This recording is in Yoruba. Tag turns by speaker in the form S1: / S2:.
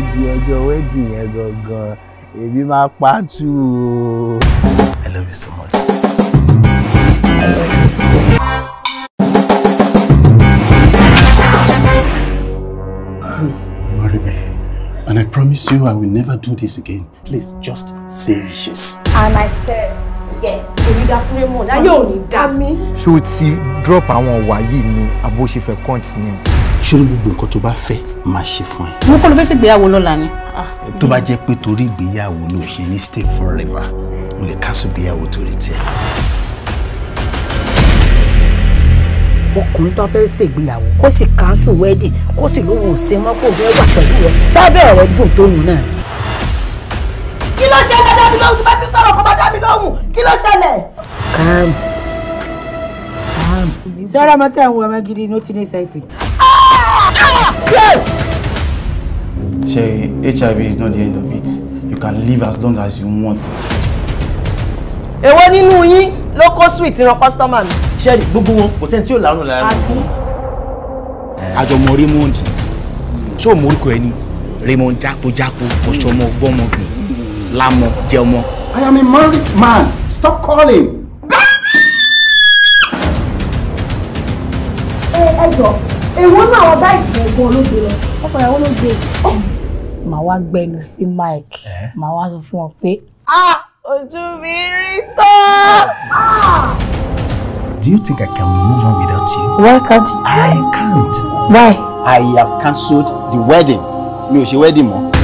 S1: di ọjọ́ wedding yẹn gangan èmi máa pa tú o. I love you so much. I love you. And I promise you I will never do this again. Please just say yes. And I said yes. Èmi dá fún Raymond, ayé you only dá me. She would see drop our ọ̀wà yìí ni àbó ṣe fẹ́ continue? sórí gbogbo nǹkan tó bá fẹ́ máa ṣe fún ẹ. mo kọ́ ló fẹ́ ṣègbéyàwó lọ́la ni. Ah. tó bá jẹ́ pé torí ìgbéyàwó ló ṣe ní stay forever mo lè ká sógbéyàwó torí tiẹ̀. ọkùnrin tó fẹ́ ṣègbéyàwó kó sì cancel wedding kó sì lóhùn ṣe mọ́ kó fẹ́ wà pẹ̀lú rẹ sábẹ́ ọ̀rọ̀ dùn tó yùn náà. kí ló ṣe ẹgbẹ́ dábì lóhùn tí bá ti sọ̀rọ̀ kọ́ bá dábì lóhùn kí ló ṣẹlẹ̀. sọ́ra mọ́tẹ́ ń ọmọ gidi ní ó ti ní sẹ́fì. Sherry, HIV is not the end of it. You can live as long as you want. Èwo nínú yín ló kó sweet ran customer mi. Sherry, gbogbo wọn kò sẹ́ni tí ò lárùn lára. Àjọmọ̀ Raymond, ṣé o mọ orúkọ ẹni? Raymond jápojápo, ọ̀ṣọ́mọ gbọ́mọgbìn, lámọ jẹmọ. I am a married man. Stop calling. Ẹ ẹ jọ èwo náà àwọn bá ìfẹ́ ẹ̀gbọ́n olóògbé lọ ọkọ ìyàwó ló gbé. màá wá gbẹnu sí Mike màá wá sọ fún ọ pé ah, ojú mi rí tán. Ah! Do you think I can move on without you? Why can't you? I can't. Why? I have cancelled the wedding. Mi ò ṣe wedding mọ́.